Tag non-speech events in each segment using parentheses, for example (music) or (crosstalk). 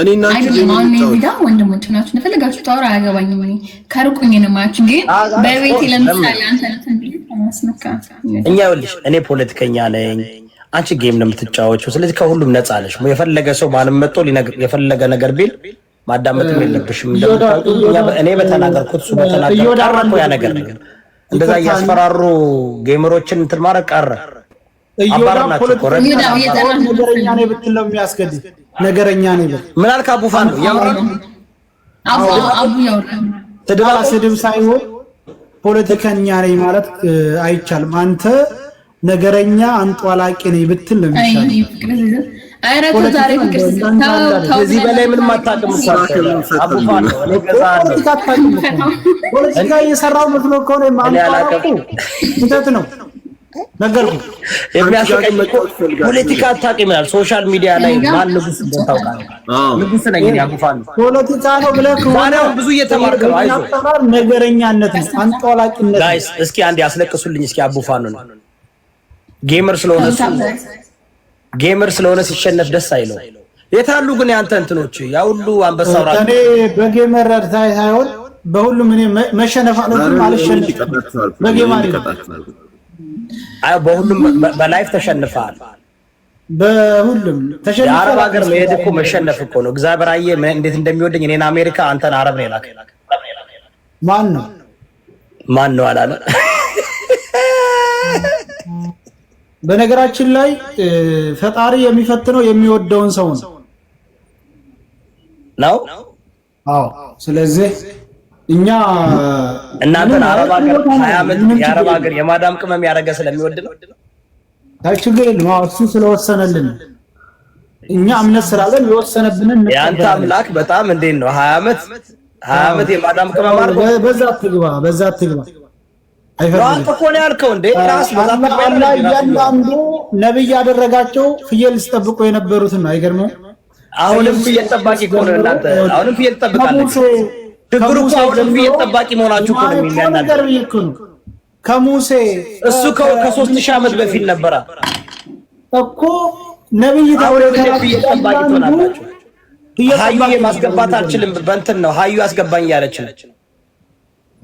እኔ እናንተ ወንድሞች ናችሁ እንደፈለጋችሁ ጣውራ አያገባኝም። እኔ ከሩቁኝ ነው የማያችሁ። ግን በቤቴ ለምሳሌ አንተ እኛ ይኸውልሽ፣ እኔ ፖለቲከኛ ነኝ፣ አንቺ ጌም ነው የምትጫወችው። ስለዚህ ከሁሉም ነፃ አለሽ። የፈለገ ሰው ማንም መጥቶ የፈለገ ነገር ቢል ማዳመጥም የለብሽም። እኔ በተናገርኩት እሱ በተናገርኩት ያ ነገር እንደዛ እያስፈራሩ ጌመሮችን እንትን ማድረግ ቀረ። ነገረኛ ነኝ ብትል ምን አልክ? አቡፋ ነው ስድብ ሳይሆን ፖለቲከኛ ነኝ ማለት አይቻልም። አንተ ነገረኛ አንጧላቂ ነኝ ብትል ነው ከዚህ በላይ ምንም አታውቅም። ፖለቲካ እየሰራሁ መስሎ ከሆነ ማንቋላቁ ስህተት ነው። ነገርኩህ። የሚያስቀኝ ፖለቲካ አታውቅም ይላል። ሶሻል ሚዲያ ላይ ማን ንጉስ ታውቃለህ? ንጉስ ነኝ ያጉፋሉ። ፖለቲካ ነው ብለህ ከሆነ ብዙ እየተማርከ ነው። አይዞህ ነገረኛነት፣ ነው፣ አንጧላቂነት። ጋይስ እስኪ አንድ ያስለቅሱልኝ እስኪ። አቡፋኑ ነው ጌመር ስለሆነ ጌመር ስለሆነ ሲሸነፍ ደስ አይለው። የታሉ ግን ያንተ እንትኖች ያ ሁሉ አንበሳ ራ እኔ በጌመር ሳይሆን በሁሉም እኔ መሸነፍ አለብኝ አልችልም በጌመር በጌማሪ በሁሉም በላይፍ ተሸንፈሃል። በሁሉም ተሸንፈሃል። አረብ ሀገር መሄድ እኮ መሸነፍ እኮ ነው። እግዚአብሔር አየህ እንዴት እንደሚወደኝ እኔን አሜሪካ፣ አንተን አረብ ነው የላከኝ። ማን ነው ማን ነው አላለ። በነገራችን ላይ ፈጣሪ የሚፈትነው የሚወደውን ሰው ነው ነው። አዎ ስለዚህ እኛ እናንተን አረብ ሀገር ሀያ ዓመት የአረብ ሀገር የማዳም ቅመም ያደረገ ስለሚወድ ነው። ችግር የለም እሱ ስለወሰነልን እኛ እምነት ስላለን የወሰነብንን። የአንተ አምላክ በጣም እንዴት ነው? ሀያ አመት ሀያ አመት የማዳም ቅመም አድርጎ በዛ ትግባ በዛ ትግባ አንተ ያልከው እንዴ? ራስ እያንዳንዱ ነብይ ያደረጋቸው ፍየል ሲጠብቁ የነበሩትን አይገርምም? አሁንም ፍየል ጠባቂ እኮ እናንተ። አሁንም ፍየል ትጠብቃለች ችግሩ እኮ አሁንም ቤት ጠባቂ መሆናችሁ እኮ ነው የሚያናገር። ከሙሴ እሱ ከሶስት ሺህ ዓመት በፊት ነበረ እኮ ነብይ ታውሬት ሀዩ ማስገባት አልችልም በእንትን ነው ሀዩ አስገባኝ እያለች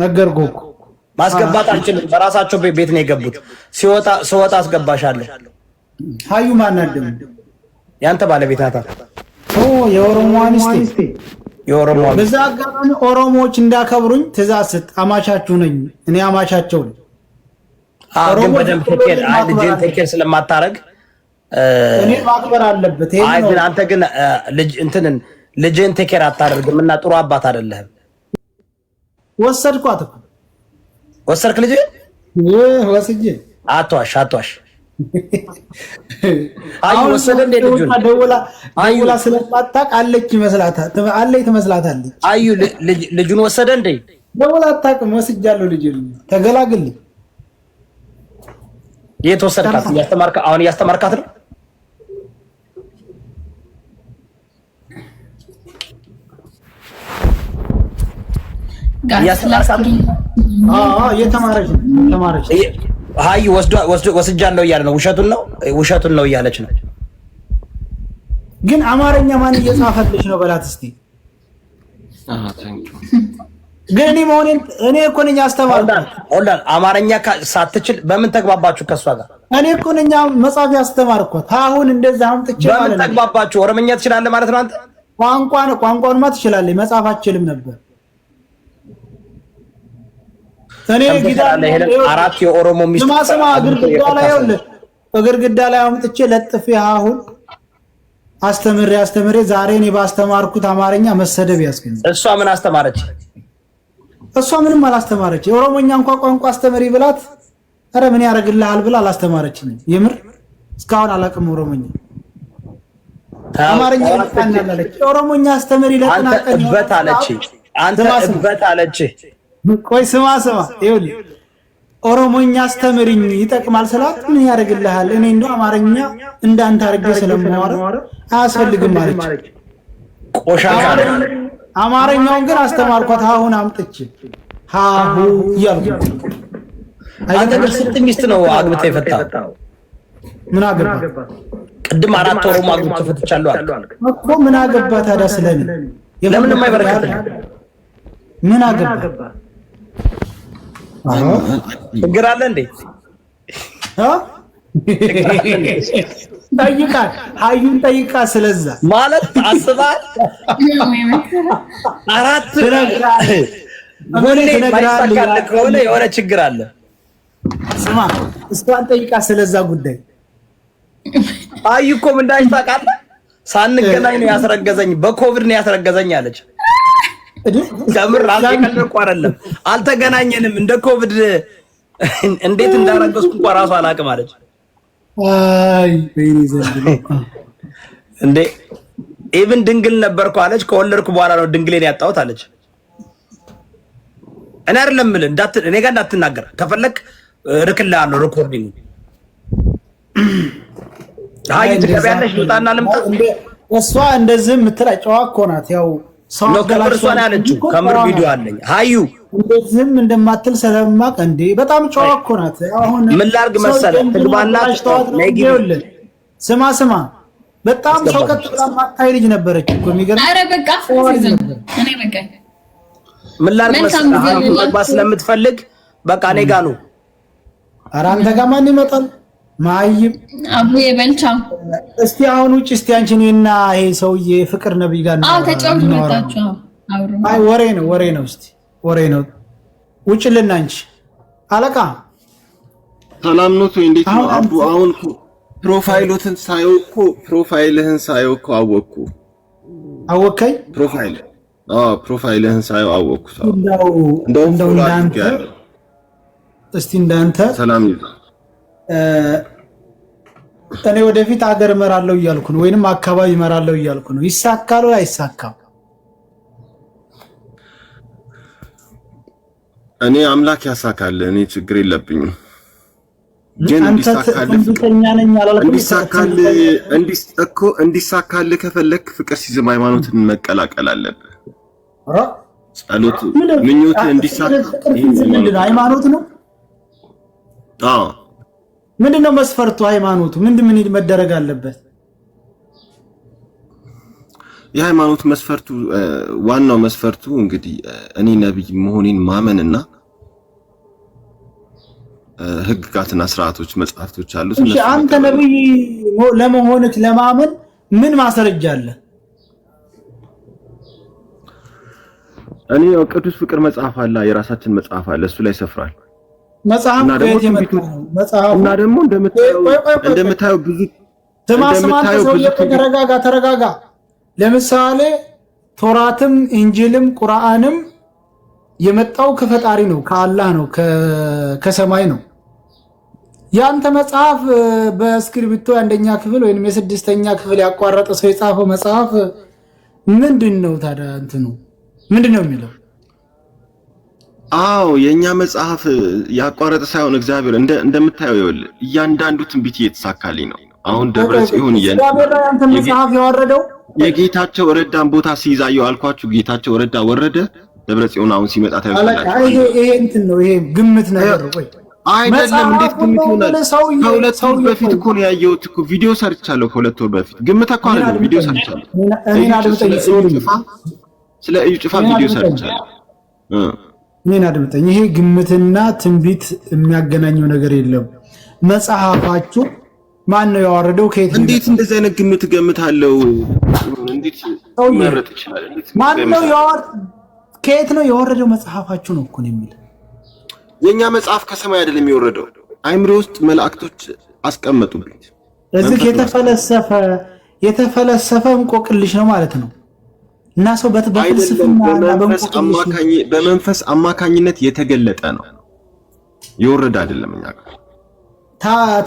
ነገርኩ እኮ ማስገባት አልችልም። በራሳቸው ቤት ነው የገቡት። ሲወጣ ስወጣ አስገባሻለሁ። ሀዩ ማናደም ያንተ ባለቤት ናታ። የኦሮሞ አንስቴ የኦሮሞ በዛ አጋጣሚ ኦሮሞዎች እንዳከብሩኝ ትእዛዝ ስጥ። አማቻችሁ ነኝ እኔ አማቻቸው ነኝ። ግን በደንብ ቴኬር ልጅን ቴኬር ስለማታረግ እኔ ማክበር አለበት። ግን አንተ ግን ልጅ እንትንን ልጅን ቴኬር አታደርግም እና ጥሩ አባት አይደለህም። ወሰድኳት፣ ወሰድክ ልጅ ወስጄ አትዋሽ፣ አቷሽ አቷሽ ደውላ ስለማታውቅ አለች ይመስላታል። አለኝ ትመስላታለች። አዩ ልጁን ወሰደ እንዴ? ደውላ አታውቅም። ወስጃለሁ ልጅ ተገላግል። የት ወሰድካት? አሁን እያስተማርካት ነው። እየተማረች ነው። ሀይ ወስጃ ነው እያለ ነው። ውሸቱን ነው ውሸቱን ነው እያለች ነው። ግን አማርኛ ማን እየጻፈልሽ ነው በላት እስቲ። ግን እኔ መሆኔን እኔ እኮ ነኝ አስተማርኩት። አማርኛ ሳትችል በምን ተግባባችሁ ከእሷ ጋር? እኔ እኮ ነኝ መጻፍ ያስተማርኩት። አሁን እንደዛ አምጥቼ በምን ተግባባችሁ? ኦሮምኛ ትችላለህ ማለት ነው አንተ። ቋንቋን ቋንቋንማ ትችላለህ፣ መጻፍ አትችልም ነበር እኔ አራት የኦሮሞ ሚስት ስማ፣ ግድግዳ ላይ ግድግዳ ላይ አምጥቼ ለጥፍ አሁን አስተምሬ አስተምሬ ዛሬ እኔ ባስተማርኩት አማርኛ መሰደብ ያስገኝ። እሷ ምን አስተማረች? እሷ ምንም አላስተማረች። የኦሮሞኛ እንኳ ቋንቋ አስተምሪ ብላት ኧረ ምን ያደርግልሃል ብላ አላስተማረች። የምር እስካሁን አላውቅም ኦሮሞኛ አማርኛ ኦሮሞኛ አስተምሪ ለጥናቀን አንተ አለች አንተ እበት አለች ቆይ ስማ ስማ፣ ይኸውልህ ኦሮሞኛ አስተምርኝ ይጠቅማል ስላት ምን ያደርግልሃል? እኔ እንደው አማርኛ እንዳንተ አድርጌ ስለማወራ አያስፈልግም አለች። ቆሻ አማርኛውን ግን አስተማርኳት። አሁን አምጥቼ ሀሁ እያልኩት አንተ ግን ስንት ሚስት ነው አግብተህ የፈታው? ምን አገባ? ቅድም አራት ኦሮሞ አግብተህ ፈትቻለሁ አልክ እኮ። ምን አገባ ታዲያ? ስለኔ ለምን የማይበረከት ምን አገባ ችግር አለ እንዴ? ሀዩን ጠይቃ ስለዛ ማለት አስባል አራት ከሆነ የሆነ ችግር አለ። ስማ እሷን ጠይቃ ስለዛ ጉዳይ ሀዩ እኮ ምን ታውቃለህ? ሳንገናኝ ነው ያስረገዘኝ፣ በኮቪድ ነው ያስረገዘኝ አለች። ከምር አልቀለድኩ አይደለም። አልተገናኘንም። እንደ ኮቪድ እንዴት እንዳረገዝኩ እንኳ ራሱ አላውቅም አለች። እንዴ ኢቭን ድንግል ነበርኩ አለች። ከወለድኩ በኋላ ነው ድንግሌን ያጣሁት አለች። እኔ አይደለም የምልህ እኔ ጋር እንዳትናገር ከፈለክ እልክልሃለሁ ሪኮርዲንግ አይ ትገቢያለሽ ልውጣና ልምጣ። እሷ እንደዚህ የምትላ ጨዋ እኮ ናት ያው ከብር ከምር ቪዲዮ አለኝ። ሀዩ እንደዚህም እንደማትል ስለማቅ እንዴ በጣም ጨዋ እኮ ናት። አሁን ምን ላድርግ መሰለህ ትግባላት ነይግልን ስማ ስማ በጣም ሰው ቀጥ ብላ ማታይ ልጅ ነበረች እኮ የሚገርም። ኧረ በቃ ምን ላድርግ መሰለህ ስለምትፈልግ በቃ እኔ ጋ ነው። ኧረ አንተ ጋ ማን ይመጣል? ማይም አቡዬ በልቻ እስቲ አሁን ውጭ እስቲ አንቺን እና ይሄ ሰውዬ ፍቅር ነብይ ጋር ነው። አዎ ተጫውቱ መጣችሁ። አይ ወሬ ነው ወሬ ነው። እስቲ ወሬ ነው። ውጭ ልን አንቺ አለቃ ሰላም ነው እንዴት ነው አቡ? አሁን እኮ ፕሮፋይሎትን ሳየው እኮ ፕሮፋይልህን ሳየው እኮ አወቅኩ። አወቀኝ ፕሮፋይል አዎ ፕሮፋይልህን ሳየው አወቅኩ። እንደው እንደው እንዳንተ እስቲ እንዳንተ ሰላም ይዛ እኔ ወደፊት አገር እመራለሁ እያልኩ ነው፣ ወይንም አካባቢ እመራለሁ እያልኩ ነው። ይሳካል ወይ አይሳካም? እኔ አምላክ ያሳካል። እኔ ችግር የለብኝም። ግን እንዲሳካል ከፈለክ ፍቅር ሲዝም ሃይማኖትን መቀላቀል አለብህ። ጸሎት ምኞት እንዲሳካ ሃይማኖት ነው። አዎ ምንድን ነው መስፈርቱ? ሃይማኖቱ ምንድን ምን መደረግ አለበት? የሃይማኖት መስፈርቱ ዋናው መስፈርቱ እንግዲህ እኔ ነቢይ መሆኔን ማመንና ህግጋትና ስርዓቶች መጽሐፍቶች አሉት። እሺ አንተ ነቢይ ለመሆንክ ለማመን ምን ማስረጃ አለ? እኔ ቅዱስ ፍቅር መጽሐፍ አለ፣ የራሳችን መጽሐፍ አለ፣ እሱ ላይ ይሰፍራል። መጽሐፍ እና ደግሞ እንደምታየው ብዙ ተማስማን ሰው ተረጋጋ፣ ተረጋጋ። ለምሳሌ ቶራትም ኢንጂልም ቁርአንም የመጣው ከፈጣሪ ነው፣ ከአላህ ነው፣ ከሰማይ ነው። ያንተ መጽሐፍ በእስክሪብቶ የአንደኛ ክፍል ወይም የስድስተኛ ክፍል ያቋረጠ ሰው የጻፈው መጽሐፍ ምንድን ነው ታዲያ? እንትኑ ምንድን ነው የሚለው አዎ የእኛ መጽሐፍ ያቋረጠ ሳይሆን እግዚአብሔር እንደምታየው ይወል እያንዳንዱ ትንቢት እየተሳካልኝ ነው። አሁን ደብረ ጽዮን መጽሐፍ ያወረደው የጌታቸው ረዳን ቦታ ሲይዛየው አልኳችሁ። ጌታቸው ረዳ ወረደ፣ ደብረ ጽዮን አሁን ሲመጣ ታዩታላችሁ። ይሄ እንትን ነው፣ ይሄ ግምት ነገር ነው። አይደለም እንዴት ግምት ይሆናል? ከሁለት ወር በፊት እኮ ነው ያየሁት እኮ ቪዲዮ ሰርቻለሁ። ከሁለት ወር በፊት ግምት እኮ አይደለም ቪዲዮ ሰርቻለሁ። ስለ እዩ ጭፋ ቪዲዮ ሰርቻለሁ እኔን አድምጠኝ። ይሄ ግምትና ትንቢት የሚያገናኘው ነገር የለም። መጽሐፋችሁ ማን ነው ያወረደው? ከየት እንዴት እንደዚህ አይነት ግምት ገምታለው? እንዴት ማን ነው ያዋረደ? ከየት ነው የወረደው? መጽሐፋችሁ ነው እኮ የሚል የእኛ መጽሐፍ ከሰማይ አይደለም የወረደው፣ አይምሪ ውስጥ መላእክቶች አስቀመጡበት። እዚህ የተፈለሰፈ የተፈለሰፈ እንቆቅልሽ ነው ማለት ነው። እና ሰው በመንፈስ አማካኝነት የተገለጠ ነው፣ የወረደ አይደለም። እኛ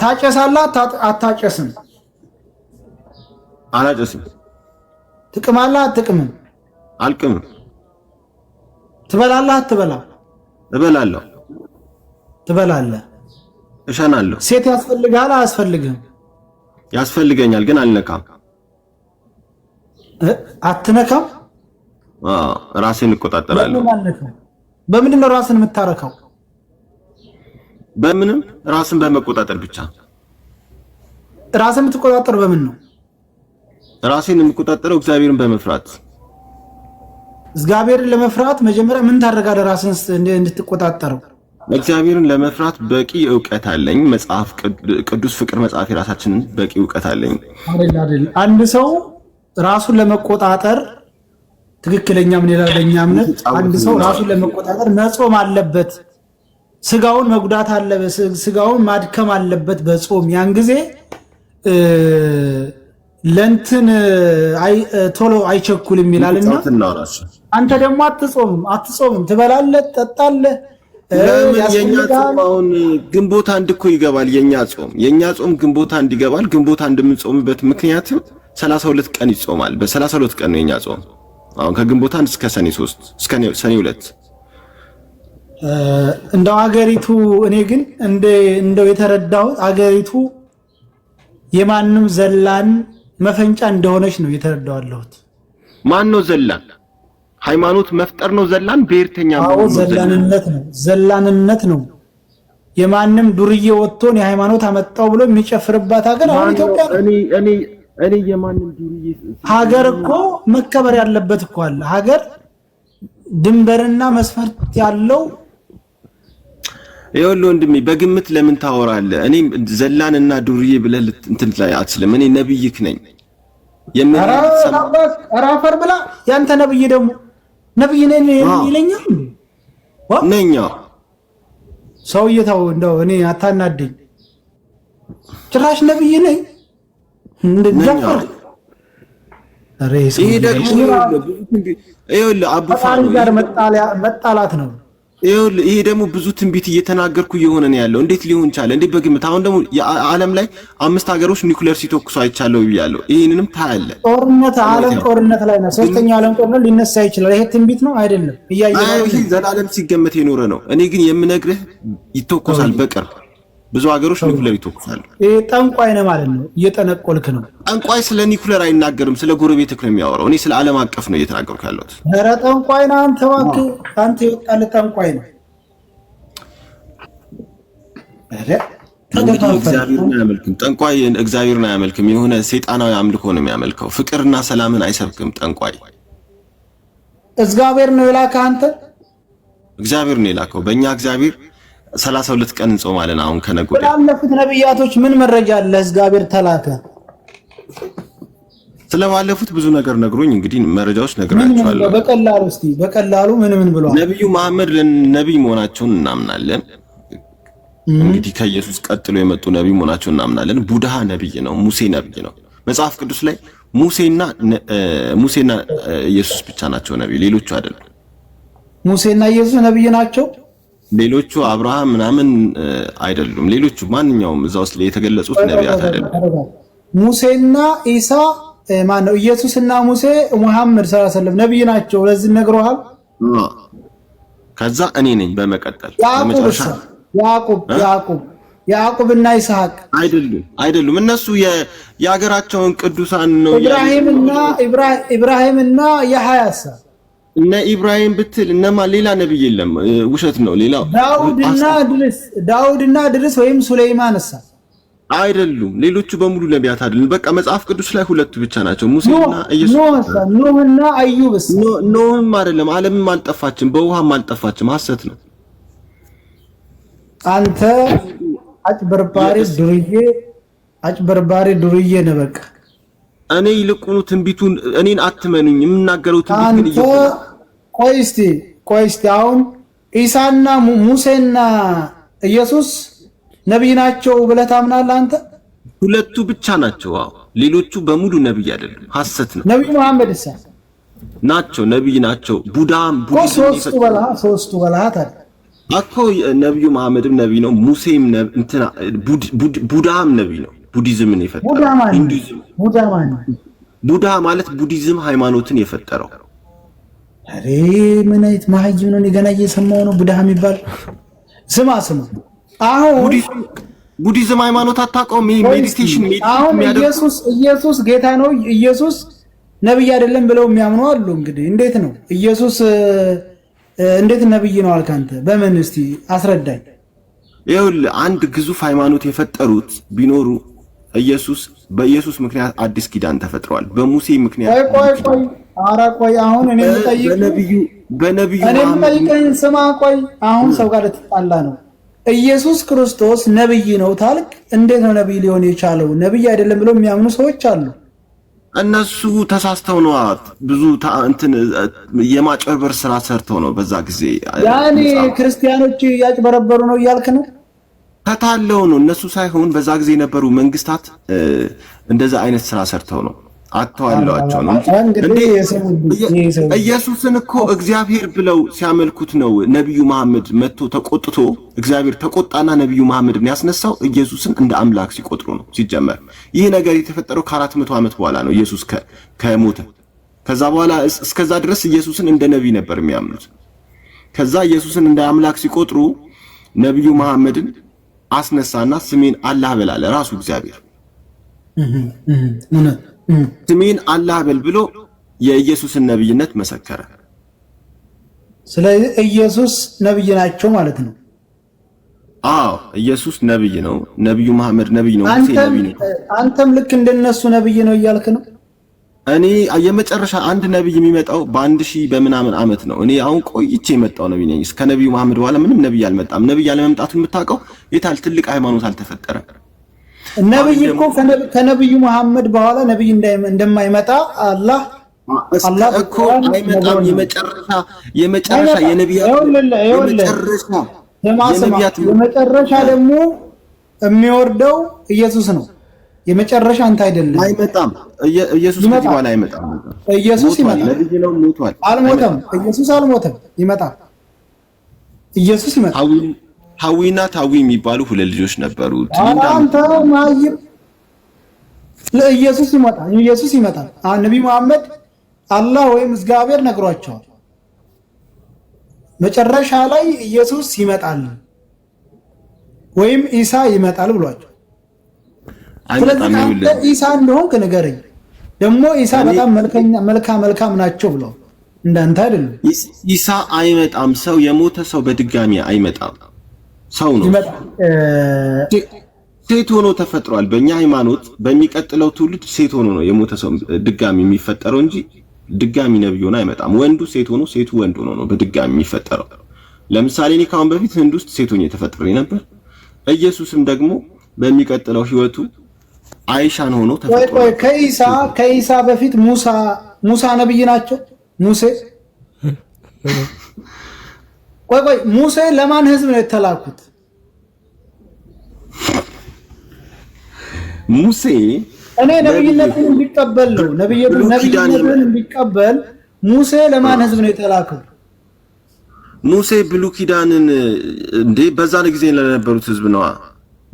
ታጨሳላ አታጨስም? አላጨስም። ትቅማላ አትቅምም? አልቅምም። ትበላላ አትበላ? እበላለሁ። ትበላለ? እሸናለሁ። ሴት ያስፈልግሃል አያስፈልግም? ያስፈልገኛል፣ ግን አልነካም። አትነካም ራሴን እቆጣጠራለሁ ማለት ነው። በምንድን ነው ራስን የምታረከው? በምንም ራስን በመቆጣጠር ብቻ። ራስን የምትቆጣጠር በምን ነው? ራሴን የምቆጣጠረው እግዚአብሔርን በመፍራት እግዚአብሔርን ለመፍራት መጀመሪያ ምን ታደርጋለህ? ራስን እንድትቆጣጠረው እግዚአብሔርን ለመፍራት በቂ እውቀት አለኝ። መጽሐፍ ቅዱስ ፍቅር መጽሐፍ የራሳችንን በቂ እውቀት አለኝ። አንድ ሰው ራሱን ለመቆጣጠር ትክክለኛ ምን ይላል? በእኛ እምነት አንድ ሰው ራሱን ለመቆጣጠር መጾም አለበት። ስጋውን መጉዳት አለበት። ስጋውን ማድከም አለበት በጾም ያን ጊዜ ለእንትን ቶሎ አይቸኩልም ይላልና፣ አንተ ደግሞ አትጾምም አትጾምም ትበላለህ፣ ጠጣለ የእኛ ጾም አሁን ግንቦት አንድ እኮ ይገባል። የእኛ ጾም የእኛ ጾም ግንቦት አንድ ይገባል። ግንቦት አንድ የምንጾምበት ምክንያትም ሰላሳ ሁለት ቀን ይጾማል። በሰላሳ ሁለት ቀን ነው የእኛ ጾም አሁን ከግንቦት አንድ እስከ ሰኔ ሶስት እስከ ሰኔ ሁለት እንደው አገሪቱ እኔ ግን እንደ እንደው የተረዳሁት አገሪቱ የማንም ዘላን መፈንጫ እንደሆነች ነው የተረዳዋለሁት። ማን ነው ዘላን? ሃይማኖት መፍጠር ነው ዘላን? ብሔርተኛ ዘላንነት ነው ዘላንነት ነው። የማንም ዱርዬ ወጥቶን የሃይማኖት አመጣው ብሎ የሚጨፍርባት ሀገር አሁን ኢትዮጵያ እኔ እኔ እኔ የማንም ዱርዬ ሀገር እኮ መከበር ያለበት እኮ አለ። ሀገር ድንበርና መስፈርት ያለው ይኸውልህ ወንድሜ፣ በግምት ለምን ታወራለህ? እኔ ዘላንና ዱርዬ ብለህ እንትን ላይ አትችልም። እኔ ነብይክ ነኝ። ኧረ አፈር ብላ ያንተ ነብይ ደግሞ ነብይ ነኝ ይለኛል ነኛ ሰውዬው፣ ተው እንደው እኔ አታናደኝ። ጭራሽ ነብይ ነኝ መጣላት ነው። ይሄ ደግሞ ብዙ ትንቢት እየተናገርኩ እየሆነ ነው ያለው። እንዴት ሊሆን ቻለ? እንዴት በግምት አሁን ደግሞ የዓለም ላይ አምስት ሀገሮች ኒውክሌር ሲተኩሱ አይቻለው ብያለሁ። ይህንንም ታያለ። ጦርነት ዓለም ጦርነት ላይ ነው። ሶስተኛው ዓለም ጦርነት ሊነሳ ይችላል። ይሄ ትንቢት ነው አይደለም? ይሄ ዘላለም ሲገመት የኖረ ነው። እኔ ግን የምነግርህ ይተኮሳል በቅርብ ብዙ ሀገሮች ኒኩለር ይተኩሳሉ። ይሄ ጠንቋይ ነው ማለት ነው፣ እየጠነቆልክ ነው። ጠንቋይ ስለ ኒኩለር አይናገርም፣ ስለ ጎረቤት ነው የሚያወራው። እኔ ስለ ዓለም አቀፍ ነው እየተናገርኩ ያለሁት። ኧረ ጠንቋይ ነው አንተ እባክህ፣ አንተ ይወጣል ጠንቋይ ነው። ጠንቋይ፣ እግዚአብሔርን አያመልክም። የሆነ ሴጣናዊ አምልኮ ነው የሚያመልከው። ፍቅርና ሰላምን አይሰብክም ጠንቋይ። እግዚአብሔር ነው የላከ አንተ፣ እግዚአብሔር ነው የላከው በእኛ እግዚአብሔር ሰላሳ ሁለት ቀን እንጾማለን። አሁን ከነገ ወዲያ ላለፉት ነብያቶች ምን መረጃ አለ? እግዚአብሔር ተላከ ስለባለፉት ብዙ ነገር ነግሮኝ እንግዲህ መረጃዎች ነግራችኋለሁ። በቀላሉ እስቲ በቀላሉ ምን ምን ብሏል? ነብዩ መሐመድ ነብይ መሆናቸውን እናምናለን። እንግዲህ ከኢየሱስ ቀጥሎ የመጡ ነብይ መሆናቸውን እናምናለን። ቡድሃ ነብይ ነው። ሙሴ ነብይ ነው። መጽሐፍ ቅዱስ ላይ ሙሴና ሙሴና ኢየሱስ ብቻ ናቸው ነብይ፣ ሌሎቹ አይደለም። ሙሴና ኢየሱስ ነብይ ናቸው። ሌሎቹ አብርሃም ምናምን አይደሉም። ሌሎቹ ማንኛውም እዛ ውስጥ የተገለጹት ነቢያት አይደሉም። ሙሴና ኢሳ ማን ነው? ኢየሱስና ሙሴ ሙሐመድ ሰለላሁ ዐለይሂ ወሰለም ነብይ ናቸው። ለዚህ ነግሮሃል። ከዛ እኔ ነኝ በመቀጠል በመጨረሻ ያዕቁብ ያዕቁብ እና ይስሐቅ አይደሉም፣ አይደሉም። እነሱ የሀገራቸውን ቅዱሳን ነው። ኢብራሂምና ኢብራሂምና ያህያሳ እነ ኢብራሂም ብትል እነማ ሌላ ነብይ የለም። ውሸት ነው። ሌላው ዳውድና ድርስ ዳውድና ድርስ ወይም ሱሌይማን እሳ አይደሉም። ሌሎቹ በሙሉ ነቢያት አይደሉም። በቃ መጽሐፍ ቅዱስ ላይ ሁለቱ ብቻ ናቸው፣ ሙሴና ኢየሱስ። ኖህና ኖህም አይደለም። ዓለምም አልጠፋችም፣ በውሃም አልጠፋችም። ሐሰት ነው። አንተ አጭበርባሪ ዱርዬ፣ አጭበርባሪ ዱርዬ ነህ በቃ እኔ ይልቁኑ ትንቢቱን እኔን አትመኑኝ፣ የምናገረው ትንቢት ግን ቆይ እስቲ ቆይ እስቲ አሁን ኢሳና ሙሴና ኢየሱስ ነቢይ ናቸው ብለህ ታምናለህ አንተ? ሁለቱ ብቻ ናቸው። አዎ ሌሎቹ በሙሉ ነቢይ አይደሉም፣ ሐሰት ነው። ነቢይ መሐመድ ሳ ናቸው፣ ነቢይ ናቸው። ቡዳም ሶስቱ በላ ሶስቱ በላ ታዲያ እኮ ነቢዩ መሐመድም ነቢይ ነው፣ ሙሴም እንትና ቡዳም ነቢይ ነው። ቡዲዝምን የፈጠረው ቡዳ ማለት ቡዲዝም ሃይማኖትን የፈጠረው ሬ ምን አይነት መሀይም ነው? ገና እየሰማው ነው። ቡዳ የሚባል ስማ ስማ፣ አሁን ቡዲዝም ሃይማኖት አታውቀውም? ሜዲቴሽን ኢየሱስ ኢየሱስ ጌታ ነው፣ ኢየሱስ ነብይ አይደለም ብለው የሚያምኑ አሉ። እንግዲህ እንዴት ነው ኢየሱስ እንዴት ነብይ ነው አልክ አንተ? በምን እስቲ አስረዳኝ። ይኸውልህ አንድ ግዙፍ ሃይማኖት የፈጠሩት ቢኖሩ ኢየሱስ በኢየሱስ ምክንያት አዲስ ኪዳን ተፈጥሯል። በሙሴ ምክንያት ቆይ ቆይ ኧረ ቆይ አሁን እኔ የምጠይቅህ በነብዩ በነብዩ እኔ የምጠይቅህን ስማ። ቆይ አሁን ሰው ጋር ልትጣላ ነው። ኢየሱስ ክርስቶስ ነብይ ነው ታልክ፣ እንዴት ነው ነብይ ሊሆን የቻለው? ነብይ አይደለም ብለው የሚያምኑ ሰዎች አሉ። እነሱ ተሳስተው ነው ብዙ እንትን የማጭበርበር ስራ ሰርተው ነው። በዛ ጊዜ ያኔ ክርስቲያኖች እያጭበረበሩ ነው እያልክ ነው ከታለው ነው እነሱ ሳይሆን በዛ ጊዜ የነበሩ መንግስታት እንደዛ አይነት ስራ ሰርተው ነው አተዋለዋቸው ነው እንዴ። ኢየሱስን እኮ እግዚአብሔር ብለው ሲያመልኩት ነው ነቢዩ መሐመድ መጥቶ ተቆጥቶ እግዚአብሔር ተቆጣና ነቢዩ መሐመድ ያስነሳው ኢየሱስን እንደ አምላክ ሲቆጥሩ ነው። ሲጀመር ይህ ነገር የተፈጠረው ከአራት መቶ ዓመት በኋላ ነው ኢየሱስ ከሞተ። ከዛ በኋላ እስከዛ ድረስ ኢየሱስን እንደ ነቢይ ነበር የሚያምኑት። ከዛ ኢየሱስን እንደ አምላክ ሲቆጥሩ ነቢዩ መሐመድን አስነሳና ስሜን አላህ በል አለ ራሱ እግዚአብሔር። ስሜን አላህ በል ብሎ የኢየሱስን ነብይነት መሰከረ። ስለዚህ ኢየሱስ ነብይ ናቸው ማለት ነው። አዎ ኢየሱስ ነብይ ነው። ነብዩ መሐመድ ነብይ ነው። አንተም ልክ እንደነሱ ነብይ ነው እያልክ ነው እኔ የመጨረሻ አንድ ነብይ የሚመጣው በአንድ ሺህ በምናምን ዓመት ነው። እኔ አሁን ቆይቼ የመጣው ነብይ ነኝ። እስከ ነቢዩ መሐመድ በኋላ ምንም ነብይ አልመጣም። ነብይ አለመምጣቱ የምታውቀው የታል? ትልቅ ሃይማኖት አልተፈጠረ። ነብይ እኮ ከነቢዩ መሐመድ በኋላ ነብይ እንደማይመጣ አላህ አላህ እኮ አይመጣም። የመጨረሻ የመጨረሻ የነብያት የመጨረሻ ደግሞ የሚወርደው ኢየሱስ ነው። የመጨረሻ አንተ አይደለም። አይመጣም። ኢየሱስ ከዚህ በኋላ አይመጣም። ኢየሱስ ይመጣል። ለልጅ ነው ሞቷል። አልሞተም። ኢየሱስ አልሞተም። ይመጣል። ኢየሱስ ይመጣል። ሀዊና ታዊ የሚባሉ ሁለት ልጆች ነበሩት። አንተ ማይም ለኢየሱስ ይመጣል። ኢየሱስ ይመጣል። ነቢ መሐመድ አላህ ወይም እግዚአብሔር ነግሯቸዋል። መጨረሻ ላይ ኢየሱስ ይመጣል ወይም ኢሳ ይመጣል ብሏቸው ስለዚህ ኢሳ እንደሆንክ ንገረኝ። ደግሞ ኢሳ በጣም መልካ መልካም ናቸው ብለው እንዳንተ አይደለም። ኢሳ አይመጣም። ሰው የሞተ ሰው በድጋሚ አይመጣም። ሰው ነው ሴት ሆኖ ተፈጥሯል። በእኛ ሃይማኖት በሚቀጥለው ትውልድ ሴት ሆኖ ነው የሞተ ሰው ድጋሚ የሚፈጠረው እንጂ ድጋሚ ነብይ ሆኖ አይመጣም። ወንዱ ሴት ሆኖ፣ ሴቱ ወንድ ሆኖ ነው በድጋሚ የሚፈጠረው። ለምሳሌ እኔ ካሁን በፊት ህንድ ውስጥ ሴት ሆኜ ተፈጥሬ ነበር። ኢየሱስም ደግሞ በሚቀጥለው ህይወቱ አይሻን ሆኖ ተፈጥሮ ከኢሳ ከኢሳ በፊት ሙሳ ሙሳ ነብይ ናቸው። ሙሴ ቆይ ቆይ ሙሴ ለማን ህዝብ ነው የተላኩት? ሙሴ እኔ ነብይነትን እንዲቀበል ነው ነብይነትን እንዲቀበል ሙሴ ለማን ህዝብ ነው የተላከው? ሙሴ ብሉ ኪዳንን እንዴ በዛን ጊዜ ለነበሩት ህዝብ ነዋ።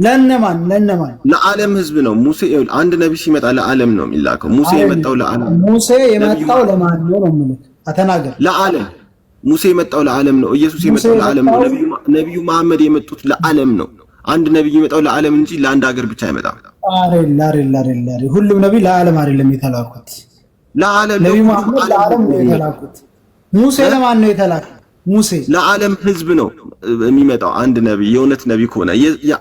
ለነማን ለነማን ለዓለም ህዝብ ነው። ሙሴ አንድ ነቢይ ሲመጣ ለዓለም ነው የሚላከው። ሙሴ የመጣው ለዓለም ሙሴ የመጣው ለማን ነው ነው ማለት አተናገር ለዓለም ሙሴ የመጣው ለዓለም ነው። ኢየሱስ የመጣው ለዓለም ነው። ነቢዩ መሐመድ የመጡት ለዓለም ነው። አንድ ነቢይ የመጣው ለዓለም እንጂ ለአንድ ሀገር ብቻ አይመጣም። አሬ ላሬ ላሬ ላሬ ሁሉም ነቢይ ለዓለም አይደለም የተላኩት። ለዓለም ነቢዩ መሐመድ ለዓለም ነው የተላኩት። ሙሴ ለማን ነው የተላኩት? ሙሴ ለዓለም ህዝብ ነው የሚመጣው። አንድ ነቢይ የእውነት ነቢይ ከሆነ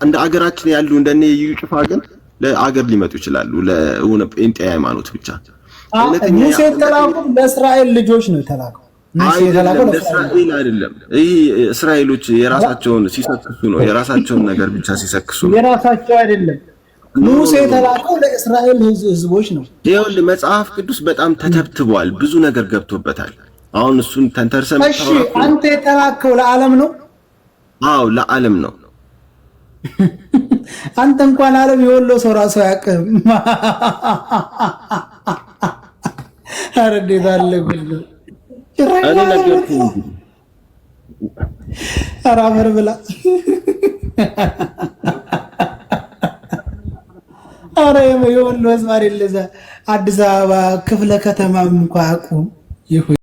እንደ አገራችን ያሉ እንደኔ እዩ ጭፋ ግን ለአገር ሊመጡ ይችላሉ፣ ለሆነ ጴንጤ ሃይማኖት ብቻ። ሙሴ የተላከው ለእስራኤል ልጆች ነው የተላከው። ለእስራኤል ይህ እስራኤሎች የራሳቸውን ሲሰክሱ ነው፣ የራሳቸውን ነገር ብቻ ሲሰክሱ ነው። የራሳቸው አይደለም። ሙሴ የተላከው ለእስራኤል ህዝቦች ነው። ይኸውልህ መጽሐፍ ቅዱስ በጣም ተተብትቧል፣ ብዙ ነገር ገብቶበታል። አሁን እሱን ተንተርሰ እሺ፣ አንተ የተላከው ለዓለም ነው? አዎ ለዓለም ነው። (laughs) አንተ እንኳን ዓለም የወሎ ሰው ራሱ አያውቅም። ኧረ (laughs) እንዴት አለ ጉድ! ኧረ አፈር ብላ! ኧረ (laughs) የወሎ ህዝብ አይደል እዛ አዲስ አበባ ክፍለ ከተማም እንኳን አያውቁም።